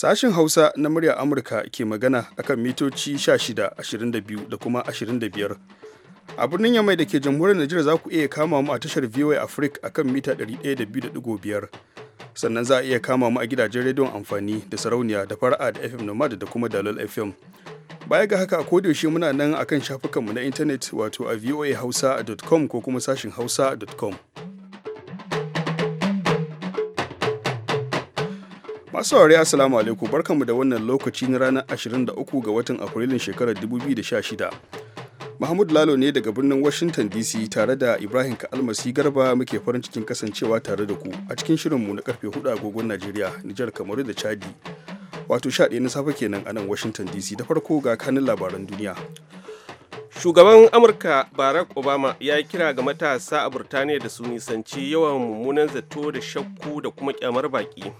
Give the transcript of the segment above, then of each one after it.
Sashen Hausa na murya Amurka ke magana akan mitoci 16, 22 da kuma 25. A birnin Yamai da ke jamhuriyar Najeriya za ku iya kama mu a tashar VOA Africa akan mita 102.5. Sannan za a iya kama mu a gidajen rediyon amfani da sarauniya da fara'a da FM Nomad da kuma Dalol FM. Baya ga haka ko yaushe muna nan akan shafukanmu na intanet wato a voahausa.com ko kuma sashin hausa.com. Masu saurari Assalamu alaikum barkanmu da wannan lokaci na ranar 23 ga watan Afrilun shekarar 2016. Mahmud Lalo ne daga birnin Washington DC tare da Ibrahim Ka'almasi Garba muke farin cikin kasancewa tare da ku a cikin shirinmu na karfe 4 agogon Najeriya, Nijar, Kamaru da Chadi. Wato sha ɗaya na safe kenan a nan Washington DC da farko ga kanin labaran duniya. Shugaban Amurka Barack Obama ya kira ga matasa a Burtaniya da su nisanci yawan mummunan zato da shakku da kuma kyamar baki.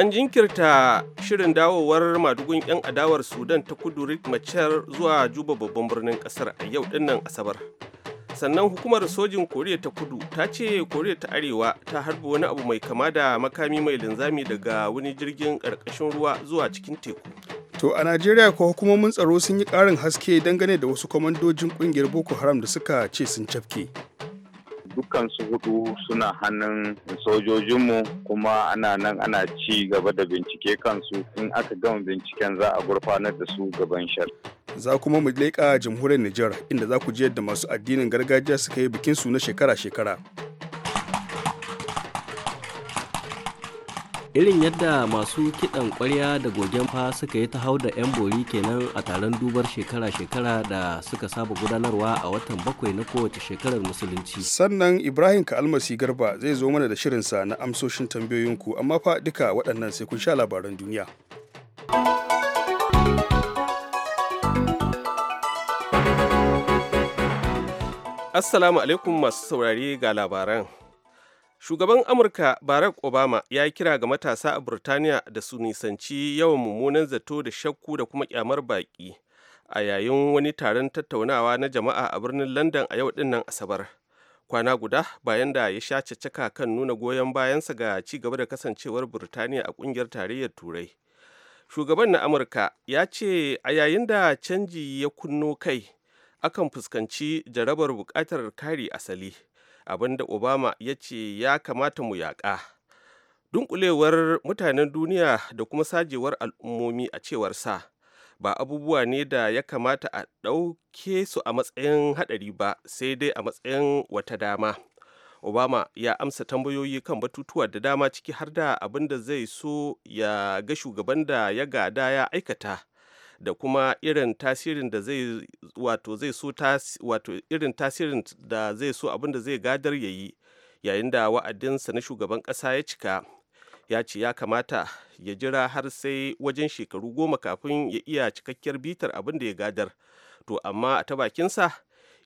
an jinkirta shirin dawowar madugun 'yan adawar sudan ta kudu Rik machar zuwa juba babban birnin kasar a yau dinnan asabar sannan hukumar sojin koriya ta kudu ta ce koriya ta arewa ta harba wani abu mai kama da makami mai linzami daga wani jirgin ƙarƙashin ruwa zuwa cikin teku to a najeriya ko hukumomin tsaro sun yi ƙarin haske dangane da wasu kwamandojin ƙungiyar boko haram da suka ce sun cafke dukkan su hudu suna hannun sojojinmu kuma ana nan ana ci gaba da bincike kansu in aka gama binciken za a gurfanar da su gaban shar. Za kuma mu leƙa jamhuriyar Nijar inda za ku ji yadda masu addinin gargajiya suka yi bikin su na shekara-shekara. irin yadda masu kidan kwarya da gogen fa suka yi ta hau da 'yan bori kenan a taron dubar shekara-shekara da suka saba gudanarwa a watan bakwai na kowace shekarar musulunci sannan ibrahim kalmasi garba zai zo mana da shirinsa na amsoshin tambayoyinku amma fa duka waɗannan sai kun sha labaran duniya assalamu alaikum masu saurari ga labaran shugaban amurka barack obama ya kira ga matasa a burtaniya da su nisanci yawan mummunan zato da shakku da kuma kyamar baƙi a yayin wani taron tattaunawa na jama'a a birnin london a yau dinnan asabar kwana guda bayan da ya sha caccaka kan nuna goyon bayansa ga ci gaba da kasancewar burtaniya a kungiyar tarayyar turai shugaban na amurka ya ce a yayin da canji ya kunno kai akan fuskanci jarabar buƙatar kare asali abinda obama ya ce ya kamata mu yaƙa dunkulewar mutanen duniya da kuma sajewar al'ummomi a cewar sa ba abubuwa ne da ya kamata a ɗauke su a matsayin haɗari ba sai dai a matsayin wata dama obama ya amsa tambayoyi kan batutuwa da dama ciki har da abin da zai so ya ga shugaban da ya gada ya aikata da kuma irin tasirin da zai wato zai so wato irin tasirin da zai so abin da zai gadar ya yi yayin da wa'adinsa na shugaban ƙasa ya cika ya ce ya kamata ya jira har sai wajen shekaru goma kafin ya iya cikakkiyar bitar abin da ya gadar to amma a ta bakinsa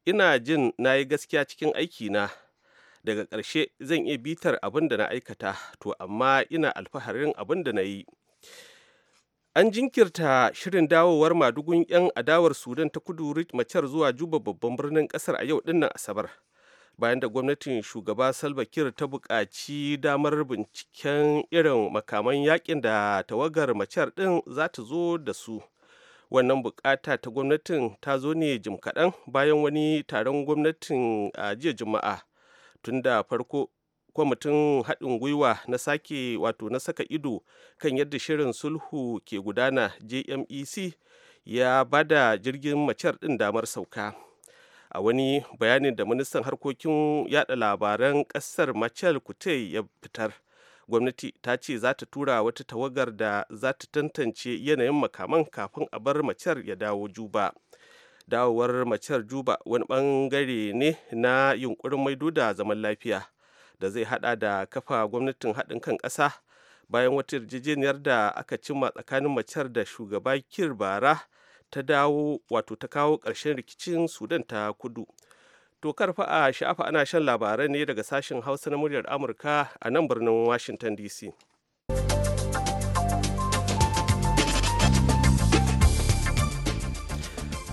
ina jin na yi gaskiya cikin aiki na daga ƙarshe zan iya bitar abin da na aikata to amma ina alfaharin abin da na yi an jinkirta shirin dawowar madugun 'yan adawar sudan ta kudu rit macar zuwa juba babban birnin kasar a yau dinnan asabar bayan da gwamnatin shugaba salva kiir ta buƙaci damar binciken irin makaman yakin da tawagar macar din za ta zo da su wannan bukata ta gwamnatin ta zo ne jim kaɗan bayan wani taron gwamnatin a jiya juma'a tun da farko kwamitin haɗin gwiwa na sake wato na saka ido kan yadda shirin sulhu ke gudana jmec ya bada jirgin macer ɗin damar sauka a wani bayanin da ministan harkokin yada labaran ƙasar machel kute ya fitar gwamnati ta ce za ta tura wata tawagar da za ta tantance yanayin makaman kafin a bar macer ya dawo juba dawowar macer juba wani ɓangare ne na yunkurin maido da zaman lafiya da zai hada da kafa gwamnatin haɗin kan ƙasa bayan wata yarjejeniyar da aka cimma tsakanin macer da shugaba kir bara ta dawo wato ta kawo ƙarshen rikicin sudan ta kudu to karfa a sha'afa ana shan labarai ne daga sashen hausa na muryar amurka a nan birnin washington dc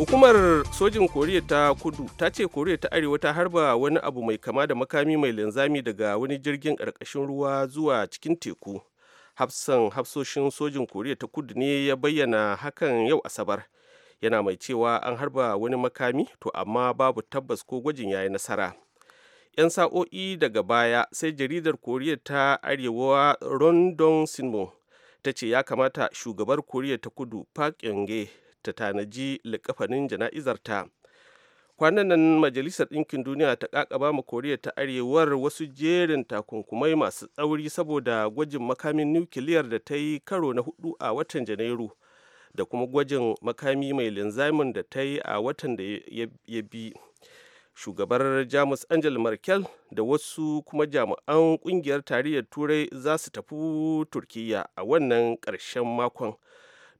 hukumar sojin koriya ta kudu ta ce koriya ta arewa ta harba wani abu mai kama da makami mai linzami daga wani jirgin ƙarƙashin ruwa zuwa cikin teku hafsan hafsoshin sojin koriya ta kudu ne ya bayyana hakan yau asabar yana mai cewa an harba wani makami to amma babu tabbas ko gwajin yayi nasara 'yan sa'o'i daga baya sai jaridar koriya ta arewa rondon sinmo ta ce ya kamata shugabar koriya ta kudu park yonge ta tanaji likafanin jana'izarta kwanan nan majalisar ɗinkin duniya ta kakaba ma koriya ta arewar wasu jerin takunkumai masu tsauri saboda gwajin makamin nukiliyar da ta yi karo na hudu a watan janairu da kuma gwajin makami mai linzamin da ta yi a watan da ya bi shugabar jamus angel merkel da wasu kuma jami'an kungiyar tarayyar turai za su tafi turkiyya a wannan ƙarshen makon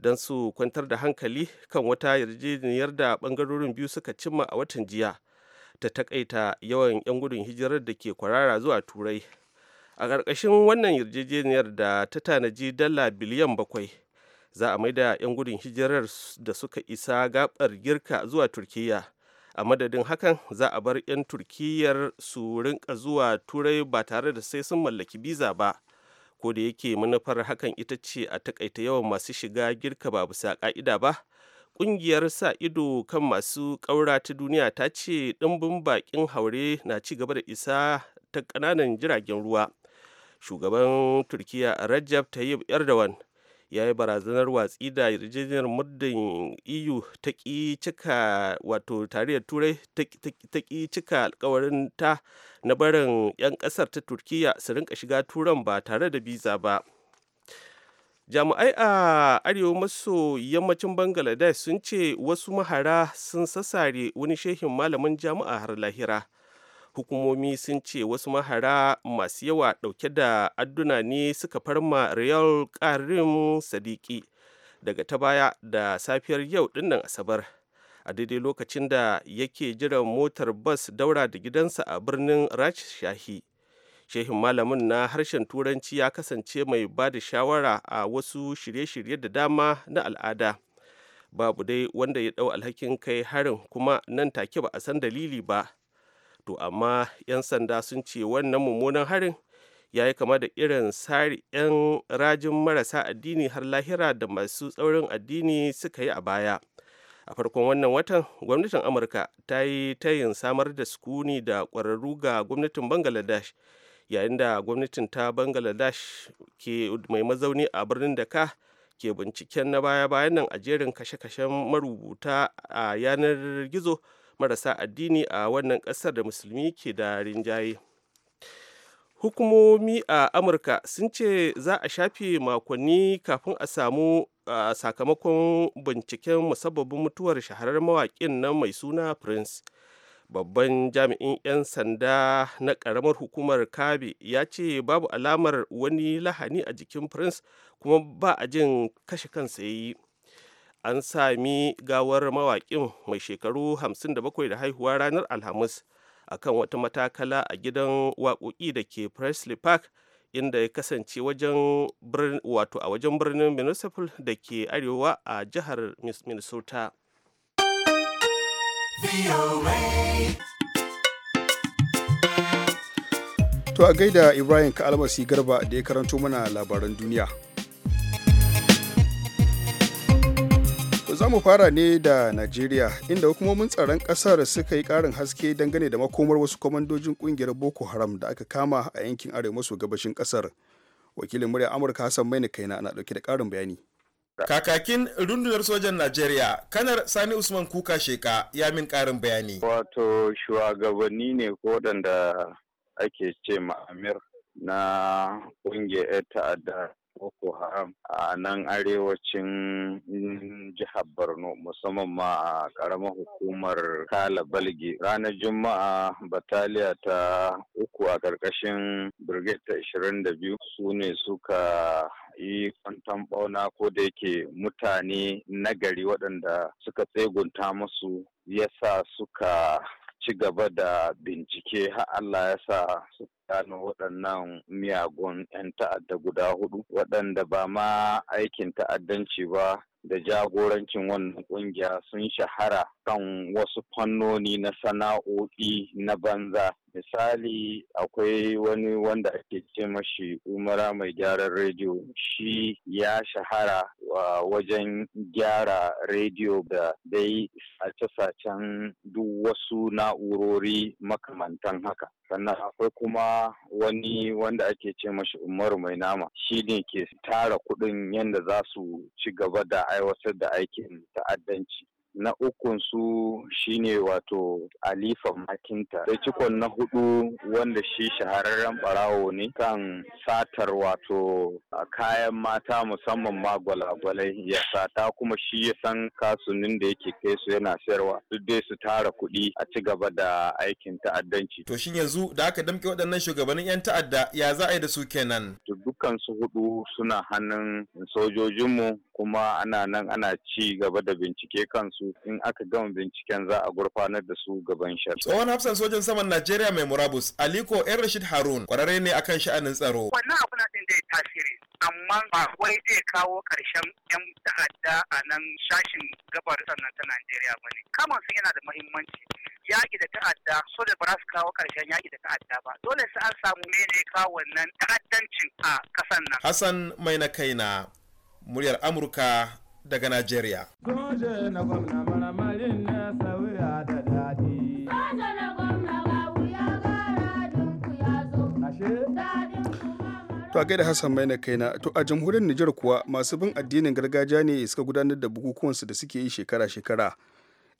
don su kwantar da hankali kan wata yarjejeniyar da bangarorin biyu suka cimma a watan jiya ta takaita yawan 'yan gudun hijirar da ke kwarara zuwa turai a ƙarƙashin wannan yarjejeniyar da ta tanaji dala biliyan bakwai za a maida 'yan gudun hijirar da suka isa gabar girka zuwa turkiyya a madadin hakan za a bar 'yan turkiyyar su rinka zuwa turai ba tare da sai sun mallaki biza ba ko da yake manufar hakan ita ce a takaita yawan masu shiga girka ba bisa ka'ida ba ƙungiyar sa ido kan masu ƙaura ta duniya ta ce ɗimbin baƙin haure na ci gaba da isa ta ƙananan jiragen ruwa shugaban turkiya rajab tayyip erdogan ya yi barazanar watsi da yarjejeniyar muddin eu ta ƙi cika wato tarayyar turai ta ƙi cika alkawarin ta na barin 'yan kasar ta turkiya su rinka shiga turan ba tare da biza ba jami'ai a arewa maso yammacin bangladesh sun ce wasu mahara sun sasare wani shehin malamin jami'a har lahira hukumomi sun ce wasu mahara masu yawa ɗauke da adduna ne suka farma real karim sadiki daga ta baya da safiyar yau dinnan asabar a daidai lokacin da yake jiran motar bas daura da gidansa a birnin shahi shehin malamin na harshen turanci ya kasance mai ba da shawara a wasu shirye-shirye da dama na al'ada babu dai wanda ya dau alhakin kai harin kuma nan take ba a san dalili ba to amma 'yan sanda sun ce wannan mummunan harin ya yi kama da irin sari 'yan rajin marasa addini har lahira da masu tsaurin addini suka yi a baya a farkon wannan watan gwamnatin amurka ta yi tayin samar da sukuni da ƙwararru ga gwamnatin bangladesh yayin da gwamnatin ta bangladesh ke mai mazauni a birnin daka ke binciken na baya-bayan nan a jerin kashe-kashen marubuta a yanar gizo marasa addini a wannan ƙasar da musulmi ke da rinjaye hukumomi a amurka sun ce za a shafe makonni kafin a samu sakamakon binciken musabbabin mutuwar shaharar mawaƙin nan mai suna prince babban jami'in 'yan sanda na ƙaramar hukumar kabe ya ce babu alamar wani lahani a jikin prince kuma ba a jin kashe kansa ya yi an sami gawar mawaƙin mai shekaru 57 da haihuwa ranar alhamis a kan wata matakala a gidan waƙoƙi da ke presley park inda ya kasance wajen wato a wajen birnin municipal da ke arewa a jihar minnesota to a gaida ibrahim ka almasi garba da ya karanto mana labaran duniya za mu fara ne da najeriya inda hukumomin tsaron kasar suka yi karin haske dangane da makomar wasu kwamandojin kungiyar boko haram da aka kama a yankin arewa maso gabashin kasar wakilin murya amurka hassan maina kaina na dauke da karin bayani Kakakin rundunar sojan Najeriya, kanar Sani Usman Kuka Sheka ya min karin bayani. Wato shugabanni ne ko waɗanda ake ce ma'amir na ƙungiyar ta'adda Boko Haram a nan arewacin jihar Borno musamman ma a karamar hukumar Kala Balgi ranar Juma'a bataliya ta uku a ƙarƙashin Brigade ta 22 su ne suka yi kwantan bauna ko da yake mutane nagari waɗanda suka tsegunta musu yasa suka ci gaba da bincike har Allah ya sa su gano waɗannan miyagun 'yan ta'adda guda hudu waɗanda ba ma aikin ta'addanci ba da jagorancin wannan kungiya sun shahara kan wasu fannoni na sana'o'i na banza misali akwai wani wanda ake ce mashi umara mai gyaran rediyo shi ya shahara ah, wajen gyara rediyo da dai sace-sacen duk wasu na'urori makamantan haka sannan akwai kuma wani wanda ake ce mashi umaru mai nama shi ne ke tara kudin yadda za su ci gaba da aiwatar da aikin ta'addanci na ukunsu shine wato alifa makinta da ah. cikon na hudu wanda shi shahararren barawo ne kan satar wato kayan mata musamman ma gwalagwalai ya sata kuma shi ya san kasunin da yake kai su yana sayarwa duk dai su tara kuɗi a ci gaba da aikin ta'addanci to shin yanzu da aka damke waɗannan shugabannin 'yan ta'adda ya za a yi da su kenan dukkan su hudu suna hannun sojojinmu kuma ana nan ana ci gaba da bincike kansu su in aka gama binciken za a gurfanar da su gaban shar. Tsohon hafsan sojan saman Najeriya mai murabus Aliko Yan Rashid Harun kwararre ne akan sha'anin tsaro. Wannan abu na ɗin zai tasiri amma ba wai zai kawo ƙarshen 'yan ta'adda a nan sashin gabar sannan ta Najeriya ba ne. Kamar su yana da mahimmanci Yaƙi da ta'adda so da ba za su kawo ƙarshen yaƙi da ta'adda ba. Dole sai an samu ne kawo wannan ta'addancin a ƙasan nan. Hassan mai na kaina muryar Amurka daga Najeriya. To a gaida Hassan Maina na to a jamhuriyar Nijar kuwa masu bin addinin gargajiya ne suka gudanar da bukukuwansu da suke yi shekara-shekara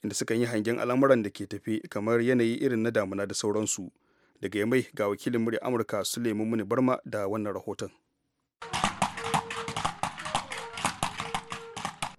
inda suka yi hangen al'amuran da ke tafi kamar yanayi irin na damuna da sauransu. Daga yamai ga wakilin murya Amurka Suleiman Muni Barma da wannan rahoton.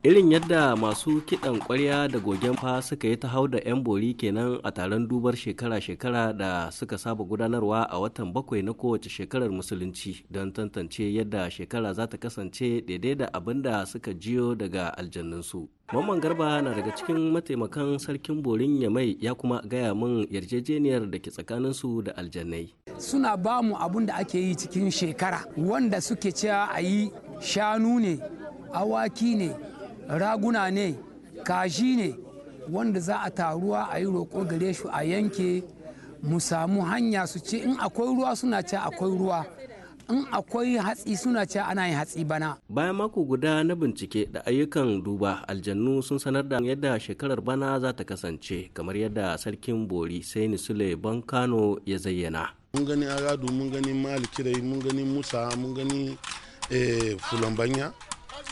irin yadda masu kidan kwarya da gogen fa suka yi ta hau da 'yan bori kenan a taron dubar shekara-shekara da suka saba gudanarwa a watan bakwai na kowace shekarar musulunci don tantance yadda shekara za ta kasance daidai da abin da suka jiyo daga aljannunsu mamman garba na daga cikin mataimakan sarkin borin yamai ya kuma gaya min yarjejeniyar da ke tsakaninsu da aljannai suna ba mu abin da ake yi cikin shekara wanda suke cewa a yi shanu ne awaki ne raguna ne kashi ne wanda za a taruwa a yi roƙo gare shi a yanke mu samu hanya su ce in akwai ruwa suna ce akwai ruwa in akwai hatsi suna ce ana yin hatsi bana. Bayan mako guda na bincike da ayyukan duba aljannu sun sanar da yadda shekarar bana za ta kasance kamar yadda sarkin bori sai sule bankano ya zayyana. Mun gani aradu mun gani malikirai mun gani musa mun gani eh, fulambanya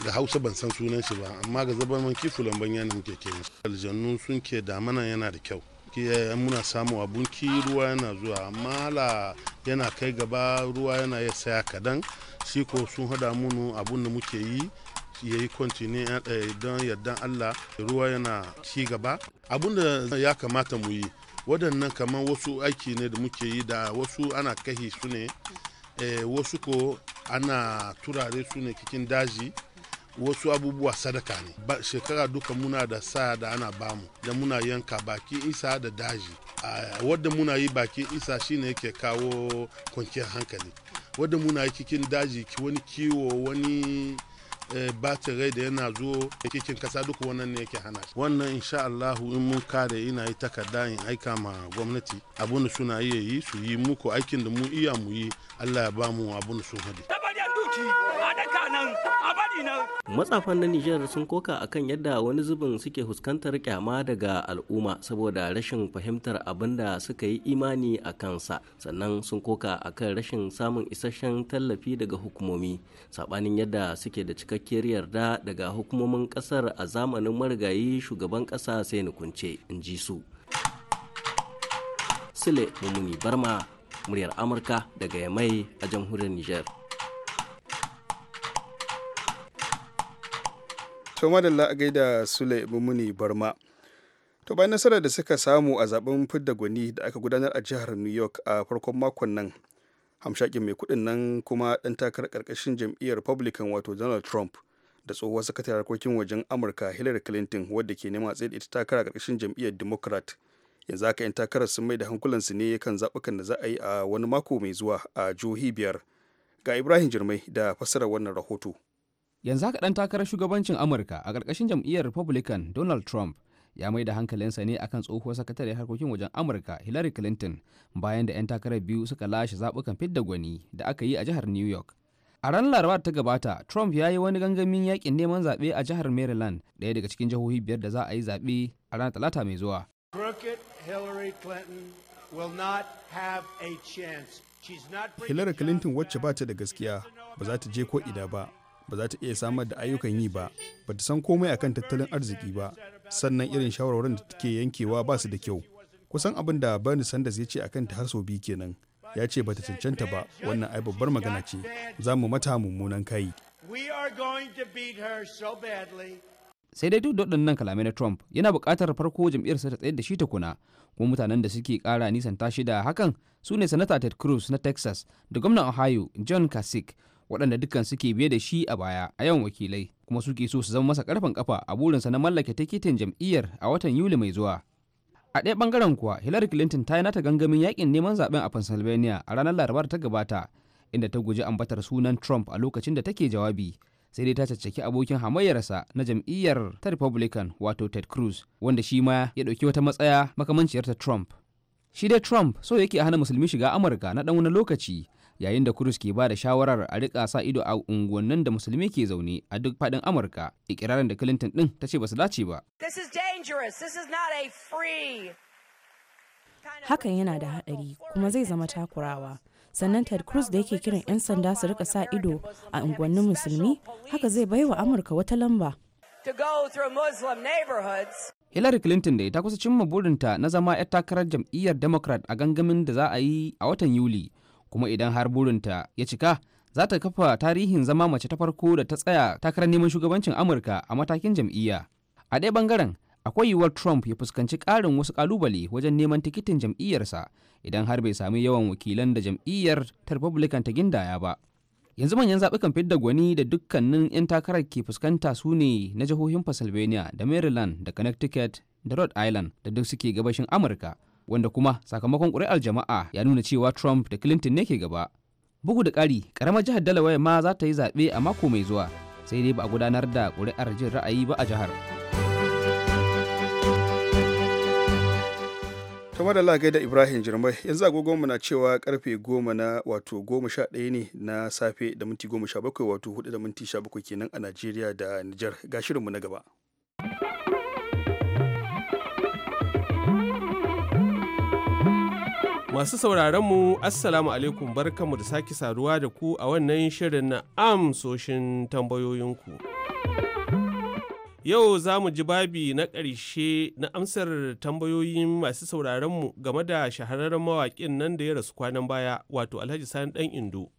da hausa ban san sunan shi ba amma ga zaban kifulan banya yana muke ke shi aljannu sun ke damana yana da kyau muna samu ki ruwa yana zuwa amma la yana kai gaba ruwa yana ya saya kadan shi ko sun hada munu abun da muke yi ya yi kontine eh, eh, don yardan allah ruwa yana ci gaba abun da ya kamata mu yi waɗannan kamar wasu aiki ne da muke yi da wasu ana kahi su ne eh, wasu ko ana turare su ne cikin daji wasu abubuwa sadaka ne shekara duka muna da sa da ana bamu da muna yanka baki isa da daji wadda muna yi baki isa shine yake kawo kwanciyar hankali wadda muna yi cikin daji wani kiwo wani eh, batin rai da yana zo kikin kasa duk wannan ne yake hana shi wannan insha Allahu in mun kare ina yi takarda in aika ma gwamnati abun suna iya yi su yi muku aikin da mu iya mu yi Allah ya bamu mu abun sun hadi nan a bari nan matsafan na Nijar sun koka akan yadda wani zubin suke fuskantar kyama daga al'umma saboda rashin fahimtar abin da suka yi imani a kansa sannan sun koka akan rashin samun isasshen tallafi daga hukumomi sabanin yadda suke da cikakkiyar yarda daga hukumomin kasar a zamanin marigayi shugaban kasa sai nukunce in ji su sule mummuni barma muryar amurka daga yamai a jamhuriyar nijar. to madalla a gaida sule muni barma to bayan nasarar da suka samu a zaben fidda gwani da aka gudanar a jihar new york a farkon makon nan hamshakin mai kudin nan kuma dan takarar karkashin jam'iyyar republican wato donald trump da tsohuwar sakatar harkokin wajen amurka hillary clinton wadda ke nema tsaye ita takara karkashin jam'iyyar democrat yanzu haka 'yan takarar sun mai da hankulansu ne kan zaɓukan da za a yi a wani mako mai zuwa a jihohi biyar ga ibrahim jirmai da fassarar wannan rahoto yanzu haka ɗan takarar shugabancin amurka a ƙarƙashin jam'iyyar republican donald trump ya mai da hankalinsa ne akan tsohuwar sakatare harkokin wajen amurka hillary clinton bayan da 'yan takarar biyu suka lashe zaɓukan fidda gwani da aka yi a jihar new york a ranar laraba ta gabata trump ya yi wani gangamin yakin neman zaɓe a jihar maryland ɗaya daga cikin jihohi biyar da za a yi zaɓe a ranar talata mai zuwa hillary clinton wacce ba ta da gaskiya ba za ta je ko ina ba ba za ta iya samar da ayyukan yi ba ba ta san komai akan tattalin arziki ba sannan irin shawarwarin da take yankewa ba su da kyau kusan abin da bernie sanders ya ce akan ta har sau biyu kenan ya ce ba ta cancanta ba wannan ai babbar magana ce za mu mata mummunan kai sai dai duk da waɗannan kalamai na trump yana buƙatar farko jam'iyyarsa ta tsayar da shi tukuna kuma mutanen da suke ƙara nisan tashi da hakan su ne sanata ted cruz na texas da gwamnan ohio john kasich waɗanda dukkan suke biye da shi a baya a yawan wakilai kuma suke so su zama masa karfin kafa a burinsa na mallake tikitin jam'iyyar a watan yuli mai zuwa a ɗaya ɓangaren kuwa hillary clinton ta yi nata gangamin yakin neman zaben a pennsylvania a ranar larabar ta gabata inda ta guji ambatar sunan trump a lokacin da take jawabi sai dai ta caccaki abokin hamayyarsa na jam'iyyar ta republican wato ted cruz wanda shi ma ya ɗauki wata matsaya makamanciyarta trump shi dai trump so yake a hana musulmi shiga amurka na ɗan wani lokaci yayin da kurus ke ba da shawarar a rika sa ido a unguwannin da musulmi ke zaune a duk faɗin amurka ikirarin da clinton din ta ce ba su dace ba hakan yana da haɗari kuma zai zama takurawa sannan ted cruz da yake kiran 'yan sanda su rika sa ido a unguwannin musulmi haka zai baiwa amurka wata lamba Hillary Clinton dai ta kusa cimma burinta na zama 'yar takarar jam'iyyar Democrat a gangamin da za a yi a watan Yuli, kuma idan har burinta ya cika za ta kafa tarihin zama mace ta farko da ta tsaya takarar neman shugabancin amurka a matakin jam'iyya a ɗaya bangaren akwai yiwuwar trump ya fuskanci ƙarin wasu ƙalubale wajen neman tikitin jam'iyyarsa idan har bai sami yawan wakilan da jam'iyyar ta republican ta gindaya ba yanzu manyan zaɓukan fidda gwani da dukkanin 'yan takarar ke fuskanta su ne na jihohin pennsylvania da maryland da connecticut da rhode island da duk suke gabashin amurka wanda kuma sakamakon ƙuri'ar jama'a ya nuna cewa Trump da Clinton ne ke gaba. Bugu da ƙari, ƙaramar jihar Delaware ma za ta yi zaɓe a mako mai zuwa, sai dai ba a gudanar da ƙuri'ar jin ra'ayi ba a jihar. kamar da lagai da ibrahim jirmai yanzu agogon mu na cewa karfe goma na wato goma sha ɗaya ne na safe da minti goma sha bakwai wato hudu da minti sha bakwai kenan a najeriya da niger ga shirinmu na gaba Masu sauraronmu Assalamu alaikum barkanmu da sake saduwa da ku a wannan shirin na amsoshin tambayoyinku. Yau za mu ji babi na ƙarshe na amsar tambayoyin masu sauraronmu game da shahararren mawaƙin nan da ya rasu kwanan baya wato Alhaji Sani ɗan Indo.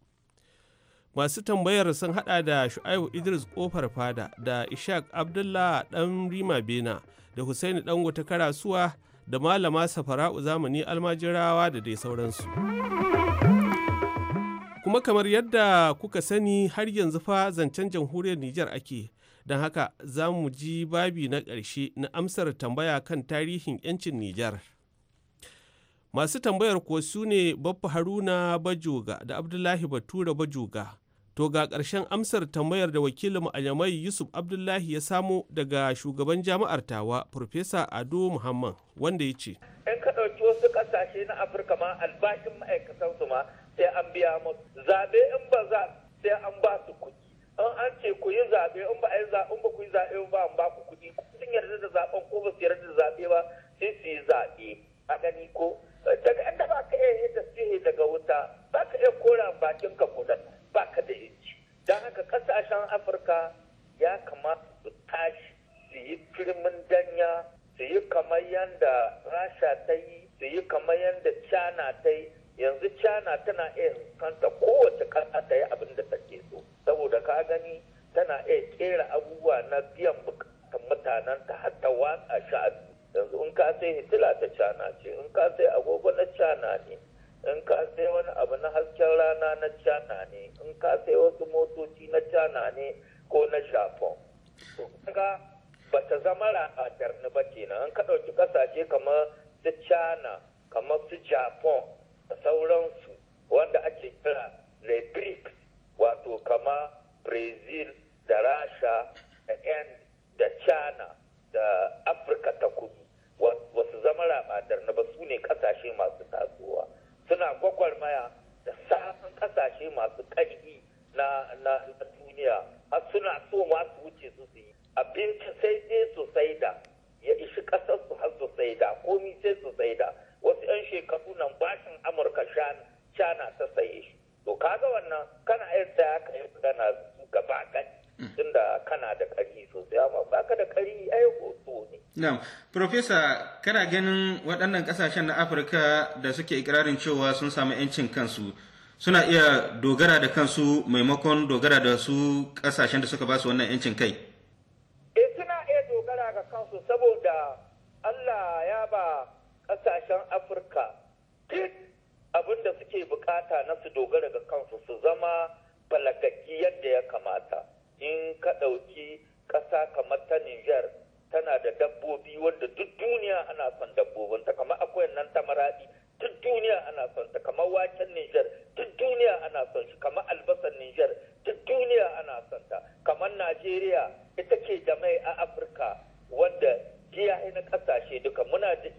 Masu tambayar sun haɗa da Shu'aibu Idris Ƙofar Fada da Ishaq Abdullah ɗan Rima Bena da Hussaini ɗan ta Karasuwa da malama safara'u zamani almajirawa da dai sauransu kuma kamar yadda kuka sani har yanzu fa zancen jamhuriyar nijar ake don haka za mu ji babi na ƙarshe na amsar tambaya kan tarihin 'yancin nijar masu tambayar kuwa su ne baffa haruna bajoga da abdullahi batura bajoga To ga ƙarshen amsar tambayar da wakilin alamai Yusuf Abdullahi ya samo daga shugaban jami'ar tawa Farfesa Ado Muhammad wanda ya ce. In ka wasu ƙasashe na Afirka ma albashin ma'aikatan su ma sai an biya musu. Zaɓe in ba za sai an ba su kuɗi. In an ce ku yi zaɓe in ba a yi zaɓe in ba ku yi zaɓe ba an ba ku kuɗi. Sun yarda da zaɓen ko ba su yarda da zaɓe ba sai su yi zaɓe. A gani ko daga inda ba ka iya yi sihe daga wuta ba ka iya kora bakin ka kuɗin. ba ka da yanci don haka kasashen afirka ya kamata su tashi su yi firmin danya su yi kamar yadda rasha ta yi su yi kamar yadda china ta yi yanzu china tana iya kanta kowace kasa ta yi abin da take so saboda ka gani tana iya kera abubuwa na biyan bukatan mutanen ta har ta watsa sha'adu yanzu in ka sai hitila ta cana ce in ka sai agogo na cana ne in ka sai wani abu na hasken rana na china ne in ka sai wasu motoci na china ne ko na japan to kaga ba ta zama ra'adar ni ba kenan in ka ɗauki ƙasashe kamar su china kamar su japan da sauransu wanda ake kira le brics wato kama brazil da rasha da yan da china da afirka ta kudu wasu zama ra'adar ni ba su ne ƙasashe masu tasowa suna gwagwarmaya da sabon kasashe masu ƙarfi na duniya har suna so ma su wuce su su yi abinci sai dai su saida ya ishi ƙasar su har su saida komi sai su saida wasu 'yan shekaru nan bashin amurka shana ta saye shi to kaga wannan kana iya saya ka yi magana su gaba gani Mm. tunda kana da ƙari sosai amma baka da ƙari ai hoto ne. Na'am, Profesa, kana ganin waɗannan ƙasashen na Afirka da suke ikirarin cewa sun samu 'yancin kansu suna iya dogara da kansu maimakon dogara da su ƙasashen da suka ba su wannan 'yancin kai? Eh suna iya dogara ga kansu saboda Allah ya ba ƙasashen Afirka duk abin da suke bukata na su dogara ga kansu su zama balagaggi yadda ya kamata. in ka ɗauki ƙasa kamar ta Nijar tana da dabbobi wanda duk duniya ana son dabbobin ta kamar akwai nan ta maradi duk duniya ana son ta kamar waken Nijar duk duniya ana son shi kamar albasan Nijar duk duniya ana son ta kamar Najeriya ita ke da mai a Afirka wanda jiya na kasashe duka muna da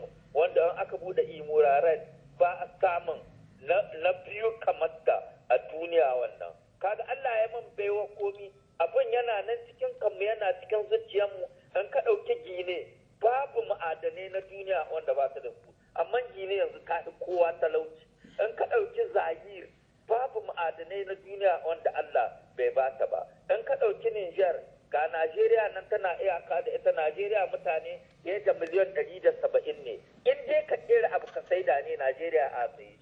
mu wanda an aka bude imuraren ba a samun na biyu kamar ta a duniya wannan kaga Allah ya min baiwa komi abun yana nan cikin kanmu yana cikin zuciyarmu an ka gine babu ma'adanai na duniya wanda ba su da su amma gine yanzu ka kowa talauci in ka ɗauki zahir babu ma'adanai na duniya wanda Allah bai ba ta ba an ka ɗauki Nijar ga Najeriya nan tana iyaka da ita Najeriya mutane ya da miliyan ɗari da saba'in ne in dai ka ƙera abu ka saida ne Najeriya a tsaye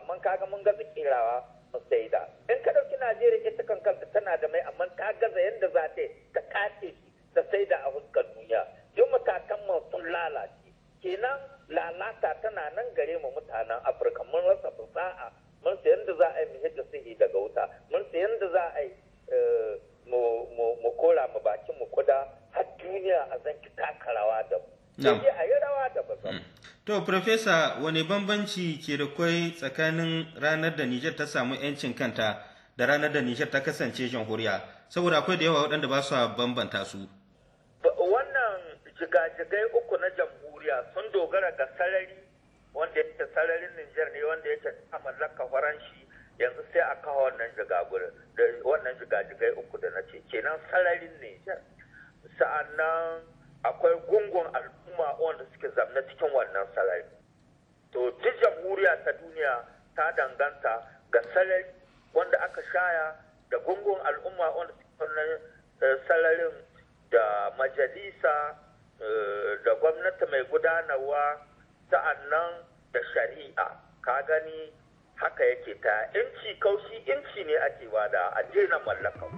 amma kaga mun gaza kirawa. sai in ka ɗauki najeriya ita kan kanta tana da mai amma ta gaza yadda za ta ta kace shi ta sai da a huskar duniya yau matakan mu sun lalace kenan lalata tana nan gare mu mutanen afirka mun rasa fasaha mun sa yadda za a yi mu hidda sihi daga wuta mun sa yadda za a yi eh, mu kora mu bakin mu kuda har duniya a zanki taka rawa da mu sai a yi rawa da bazan mm. To, Profesa, wani bambanci ke da kwai tsakanin ranar da Nijar ta samu 'yancin kanta da ranar da Nijar ta kasance jamhuriya? Saboda akwai da yawa waɗanda ba su bambanta su. Wannan jigajigai uku na jamhuriya sun dogara ga sarari wanda yake sararin Nijar ne wanda yake ta mallaka faranshi yanzu sai a kawo wannan wannan jigajigai uku da na ce kenan sararin Nijar. Sa'annan akwai gungun al'umma al'umma wanda suke zamna cikin wannan sarari to duk jamhuriya ta duniya ta danganta ga sarari wanda aka shaya da gungun al'umma wanda suke wannan eh, sararin da majalisa eh, da gwamnati mai gudanarwa sa'annan da shari'a ka gani haka yake ta inci kaushi inci ne ake wada a jina mallakawa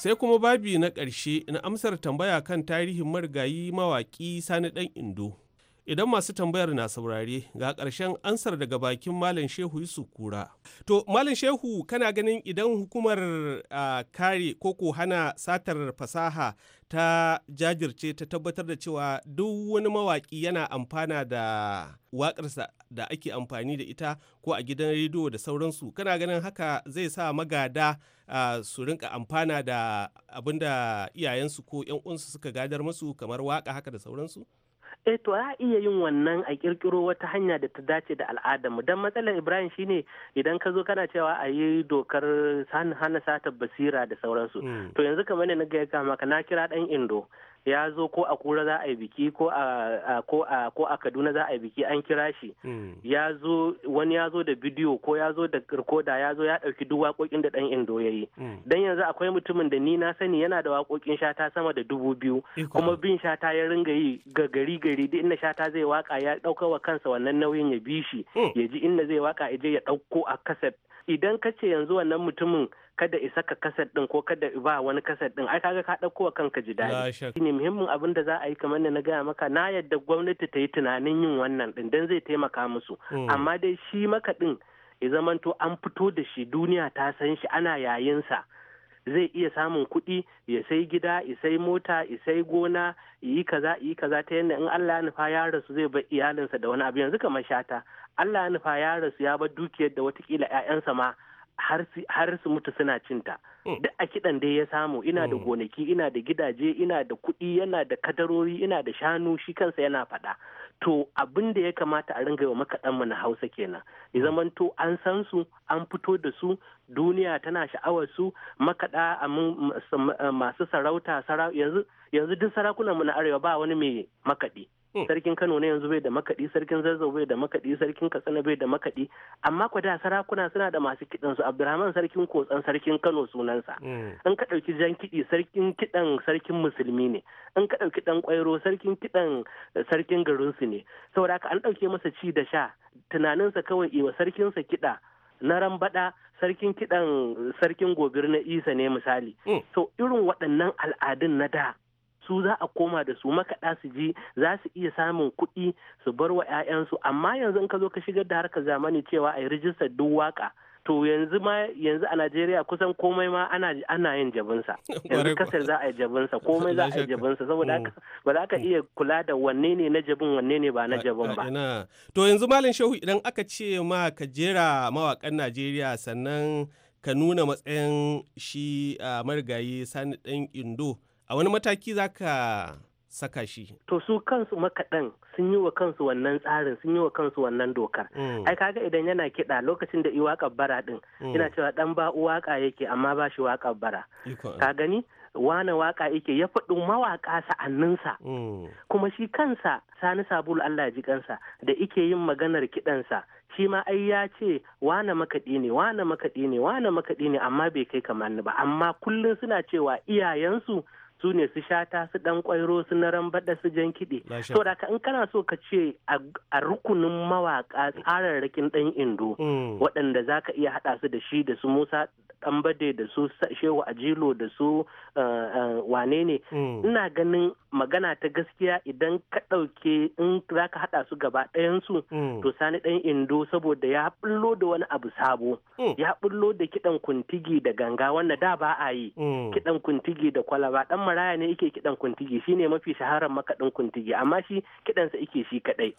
sai kuma babi na ƙarshe na amsar tambaya kan tarihin marigayi mawaƙi sani ɗan indo Idan masu tambayar na saurare ga karshen ansar daga bakin Malam Shehu Yusuf Kura. To, Malam Shehu kana ganin idan hukumar kare ko ko hana satar fasaha ta jajirce ta tabbatar da cewa duk wani mawaƙi yana amfana da waƙarsa da ake amfani da ita ko a gidan rediyo da sauransu kana ganin haka zai sa magada su rinka amfana da abin da iyayensu ko 'yan uwansu suka gadar masu kamar waƙa haka da sauransu? eh to a iya yin wannan a kirkiro wata hanya da ta dace da mu don matsalar ibrahim shine idan ka zo kana cewa a yi dokar hana sata basira da sauransu mm. to yanzu kamar ne na gaya maka na kira dan indo ya zo ko a kura za a yi biki ko a kaduna za a yi biki an kira shi hmm. ya zo wani ya zo da bidiyo ko ya zo da rikoda ya zo ya ɗauki duk waƙoƙin da ɗan indo ya yi hmm. dan yanzu akwai mutumin da ni na sani yana da waƙoƙin shata sama da dubu biyu kuma bin shata ya ringa yi ga gari gari duk inda shata zai waka ya ɗauka wa kansa wannan nauyin ya bi shi hmm. ya ji inda zai waka ya je ya ɗauko a kaset idan ka ce yanzu wannan mutumin kada isa ka kasar din ko kada ba wani kasar din ai kaga ka dauko kanka ji dadi shine muhimmin abin da za a yi kamar na gaya maka na yadda gwamnati ta yi tunanin yin wannan din dan zai taimaka musu mm. amma dai shi maka din ya zamanto an fito da shi duniya ta san shi ana yayin sa zai iya samun kuɗi ya sai gida ya sai mota ya sai gona yi kaza yi kaza ta yadda in Allah ya nufa ya rasu zai bar iyalinsa da wani abu yanzu kamar shata Allah ya nufa ya rasu ya bar dukiyar da watakila ƴaƴansa ma har su mutu suna cinta hmm. duk a kiɗan dai ya samu ina da hmm. gonaki ina da gidaje ina da kuɗi yana da kadarori ina da shanu shi kansa yana faɗa to abin da ya kamata a ringa wa makaɗanmu na hausa kenan hmm. zaman to an san su an fito da su duniya tana sha'awar su makaɗa masu sarauta yanzu duk sarakunanmu na arewa ba wani mai makaɗi Hmm. sarkin kano na yanzu bai da makaɗi sarkin zazzau bai da makaɗi sarkin katsina bai da makaɗi amma ku da sarakuna suna da masu kiɗan su abdurrahman sarkin kotsan sarkin kano sunansa hmm. in ka ɗauki jan kiɗi sarkin kiɗan sarkin musulmi ne in ka ɗauki ɗan ƙwairo sarkin kiɗan eh, sarkin garinsu ne saboda haka an ɗauke masa ci da sha tunaninsa kawai iwa sarkinsa kiɗa na rambaɗa sarkin kiɗan eh, sarkin gobir na isa ne misali hmm. so irin waɗannan al'adun na da su za a koma da su makaɗa su je za su iya samun kuɗi su bar wa 'ya'yansu amma yanzu in ka zo ka shigar da harkar zamani cewa a yi rijistar duk waka to yanzu ma yanzu a Najeriya kusan komai ma ana ana yin jabinsa yanzu kasar za a yi jabinsa komai za a yi jabinsa saboda mm. ba za ka mm. iya kula da wanne ne na jabin wanne ne ba na jabin ba to yanzu malin shehu idan aka ce ma ka jera mawakan Najeriya sannan ka nuna matsayin shi marigayi sani dan indo a wani mataki za ka saka shi to su kansu makaɗan sun yi wa kansu wannan tsarin sun yi wa kansu wannan dokar mm. ai kaga idan yana kiɗa lokacin da iwa bara din yana mm. cewa dan ba waka yake amma ba shi waka bara ka gani wane waka yake ya faɗi mawaƙa sa'anninsa mm. kuma shi kansa sani sabulu Allah ji kansa da ike yin maganar kiɗansa shi ma ai ya ce wane makaɗi ne wane makaɗi ne wane makaɗi ne amma bai kai kamar ni ba amma kullum suna cewa iyayensu su ne su shata su dan kwairo su na rambada su jan kiɗe to da in kana so ka ce a rukunin mawaka tsararrakin dan indo mm. waɗanda za ka iya haɗa su da shi da su musa bade da su shehu ajilo da su eh, eh, wane ne mm. ina ganin magana ta gaskiya idan ka ɗauke in za ka haɗa su gaba ɗayansu mm. to sani ɗan indo saboda ya ɓullo da wani abu sabo ya ɓullo da kiɗan kuntigi da ganga wanda da ba a yi kiɗan kuntigi da kwalaba ɗan maraya ne yake kidan kuntigi shi ne mafi shaharar makaɗin kuntigi amma shi kidansa yake shi kadai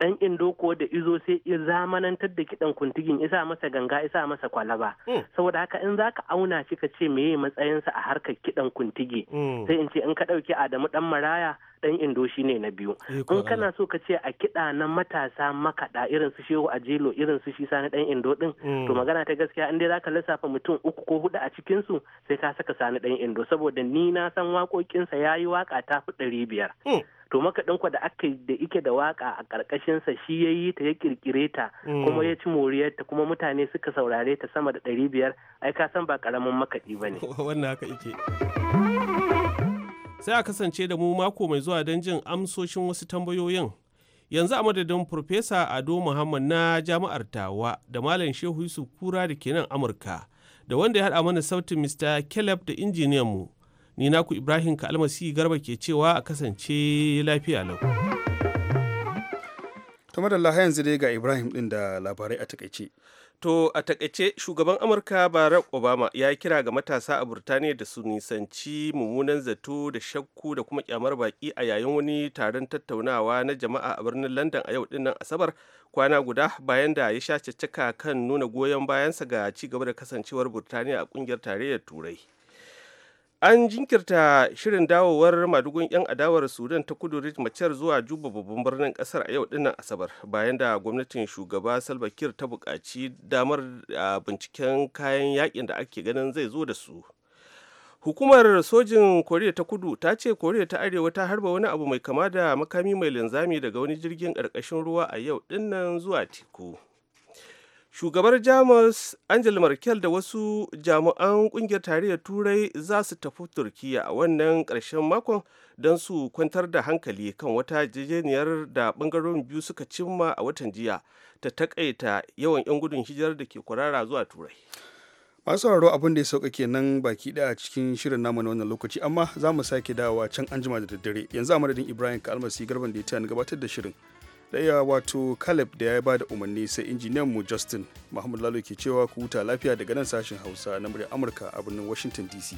ɗan indo ko da izo sai ya zamanantar da kidan kuntigin isa masa ganga isa masa kwalaba mm. saboda haka in zaka auna shi ka ce meye matsayinsa a harkar kidan kuntigi mm. sai in ce in ka ɗauki Adamu ɗan maraya dan indo shine na biyu eh, in kana so ka ce a kiɗa na matasa makaɗa irin su shehu ajelo irin su shi sani dan indo din to mm. magana ta gaskiya in dai zaka lissafa mutum uku ko hudu a cikin su sai ka saka sani dan indo saboda ni na san waƙoƙinsa yayi waka ta fi ɗari biyar mm. to makaɗin da aka da ike da waka a ƙarƙashinsa shi ya yi ta ya ƙirƙire ta mm. kuma ya ci moriyarta kuma mutane suka saurare ta sama da ɗari biyar ai ka san ba ƙaramin makaɗi ba ne wannan haka ike sai a kasance da mu mako mai zuwa don jin amsoshin wasu tambayoyin yanzu a madadin Profesa Ado Muhammad na jama'ar Tawa da Malam Shehu Yusuf Kura da ke nan Amurka da wanda ya haɗa mana sautin Mr. Caleb da injiniyan mu. Ni naku Ibrahim Kalmasi Garba ke cewa a kasance lafiya lau. Tuma da yanzu dai ga Ibrahim ɗin da labarai a takaice. To a takaice shugaban Amurka Barack Obama ya kira ga matasa a Burtaniya da su nisanci mummunan zato da shakku da kuma kyamar baki a yayin wani taron tattaunawa na jama'a a birnin London a yau dinnan Asabar kwana guda bayan da ya sha caccaka kan nuna goyon bayansa ga ci gaba da kasancewar Burtaniya a kungiyar tarayyar Turai. an jinkirta shirin dawowar madugun 'yan adawar sudan ta kudu macer zuwa juba babban birnin kasar a yau dinnan asabar bayan da gwamnatin shugaba salva kiir ta buƙaci damar binciken kayan yakin da ake ganin zai zo da su hukumar sojin koriya ta kudu ta ce koriya ta arewa ta harba wani abu mai kama da makami mai linzami daga wani jirgin ƙarƙashin ruwa a yau dinnan zuwa teku shugabar jamus angela merkel da wasu jami'an kungiyar tarayyar turai za su tafi turkiya a wannan karshen makon don su kwantar da hankali kan wata jejeniyar da bangarorin biyu suka cimma a watan jiya ta takaita yawan 'yan gudun hijirar da ke kwarara zuwa turai masu sauraro abin da ya sauka kenan baki daya a cikin shirin namu na wannan lokaci amma za mu sake dawowa can anjima da daddare yanzu a madadin ibrahim kalmasi garban da ya gabatar da shirin ɗaya wato caleb da ya ba da umarni sai injiniyan mu justin mahmud lalo ke cewa ku huta lafiya daga nan sashen hausa na murya amurka a birnin washington dc